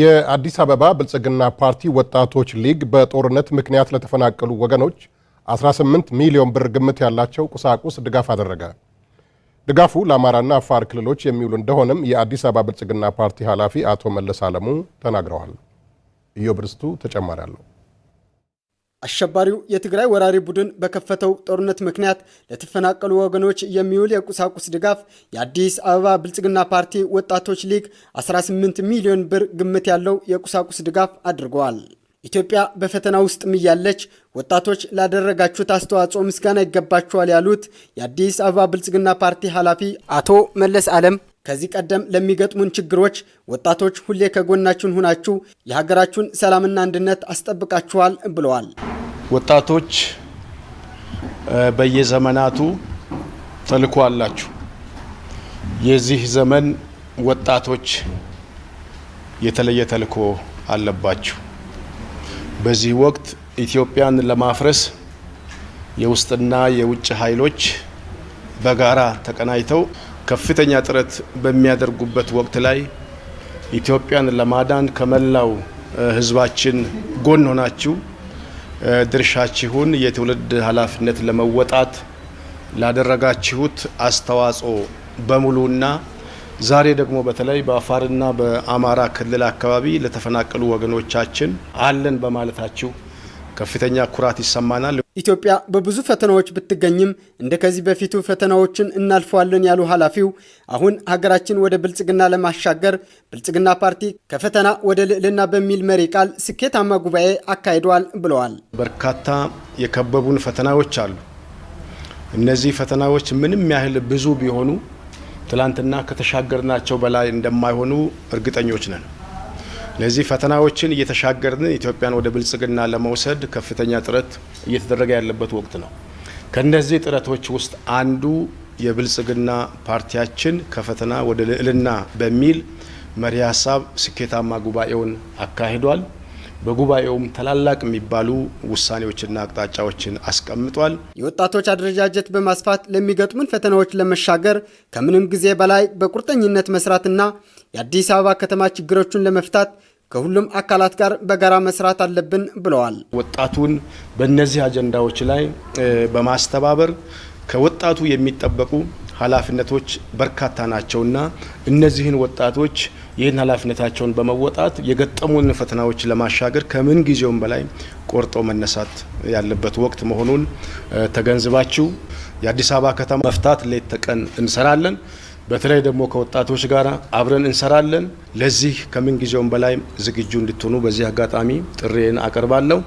የአዲስ አበባ ብልጽግና ፓርቲ ወጣቶች ሊግ በጦርነት ምክንያት ለተፈናቀሉ ወገኖች 18 ሚሊዮን ብር ግምት ያላቸው ቁሳቁስ ድጋፍ አደረገ። ድጋፉ ለአማራና አፋር ክልሎች የሚውሉ እንደሆነም የአዲስ አበባ ብልጽግና ፓርቲ ኃላፊ አቶ መለስ አለሙ ተናግረዋል። ኢዮብ ርስቱ ተጨማሪ አለው። አሸባሪው የትግራይ ወራሪ ቡድን በከፈተው ጦርነት ምክንያት ለተፈናቀሉ ወገኖች የሚውል የቁሳቁስ ድጋፍ የአዲስ አበባ ብልጽግና ፓርቲ ወጣቶች ሊግ 18 ሚሊዮን ብር ግምት ያለው የቁሳቁስ ድጋፍ አድርገዋል። ኢትዮጵያ በፈተና ውስጥ እያለች ወጣቶች ላደረጋችሁት አስተዋጽኦ ምስጋና ይገባችኋል ያሉት የአዲስ አበባ ብልጽግና ፓርቲ ኃላፊ አቶ መለስ አለም ከዚህ ቀደም ለሚገጥሙን ችግሮች ወጣቶች ሁሌ ከጎናችን ሁናችሁ የሀገራችሁን ሰላምና አንድነት አስጠብቃችኋል ብለዋል። ወጣቶች በየዘመናቱ ተልእኮ አላችሁ። የዚህ ዘመን ወጣቶች የተለየ ተልእኮ አለባችሁ። በዚህ ወቅት ኢትዮጵያን ለማፍረስ የውስጥና የውጭ ኃይሎች በጋራ ተቀናጅተው ከፍተኛ ጥረት በሚያደርጉበት ወቅት ላይ ኢትዮጵያን ለማዳን ከመላው ሕዝባችን ጎን ሆናችሁ ድርሻችሁን የትውልድ ኃላፊነት ለመወጣት ላደረጋችሁት አስተዋጽኦ በሙሉና ዛሬ ደግሞ በተለይ በአፋርና በአማራ ክልል አካባቢ ለተፈናቀሉ ወገኖቻችን አለን በማለታችሁ ከፍተኛ ኩራት ይሰማናል። ኢትዮጵያ በብዙ ፈተናዎች ብትገኝም እንደ ከዚህ በፊቱ ፈተናዎችን እናልፈዋለን ያሉ ኃላፊው አሁን ሀገራችን ወደ ብልጽግና ለማሻገር ብልጽግና ፓርቲ ከፈተና ወደ ልዕልና በሚል መሪ ቃል ስኬታማ ጉባኤ አካሂደዋል ብለዋል። በርካታ የከበቡን ፈተናዎች አሉ። እነዚህ ፈተናዎች ምንም ያህል ብዙ ቢሆኑ ትላንትና ከተሻገርናቸው በላይ እንደማይሆኑ እርግጠኞች ነን። ለዚህ ፈተናዎችን እየተሻገርን ኢትዮጵያን ወደ ብልጽግና ለመውሰድ ከፍተኛ ጥረት እየተደረገ ያለበት ወቅት ነው። ከእነዚህ ጥረቶች ውስጥ አንዱ የብልጽግና ፓርቲያችን ከፈተና ወደ ልዕልና በሚል መሪ ሀሳብ ስኬታማ ጉባኤውን አካሂዷል። በጉባኤውም ታላላቅ የሚባሉ ውሳኔዎችና አቅጣጫዎችን አስቀምጧል። የወጣቶች አደረጃጀት በማስፋት ለሚገጥሙን ፈተናዎች ለመሻገር ከምንም ጊዜ በላይ በቁርጠኝነት መስራትና የአዲስ አበባ ከተማ ችግሮቹን ለመፍታት ከሁሉም አካላት ጋር በጋራ መስራት አለብን ብለዋል። ወጣቱን በእነዚህ አጀንዳዎች ላይ በማስተባበር ከወጣቱ የሚጠበቁ ኃላፊነቶች በርካታ ናቸውና እነዚህን ወጣቶች ይህን ኃላፊነታቸውን በመወጣት የገጠሙን ፈተናዎች ለማሻገር ከምን ጊዜውም በላይ ቆርጦ መነሳት ያለበት ወቅት መሆኑን ተገንዝባችሁ የአዲስ አበባ ከተማ መፍታት ሌት ተቀን እንሰራለን። በተለይ ደግሞ ከወጣቶች ጋር አብረን እንሰራለን። ለዚህ ከምን ጊዜውም በላይ ዝግጁ እንድትሆኑ በዚህ አጋጣሚ ጥሬን አቀርባለሁ።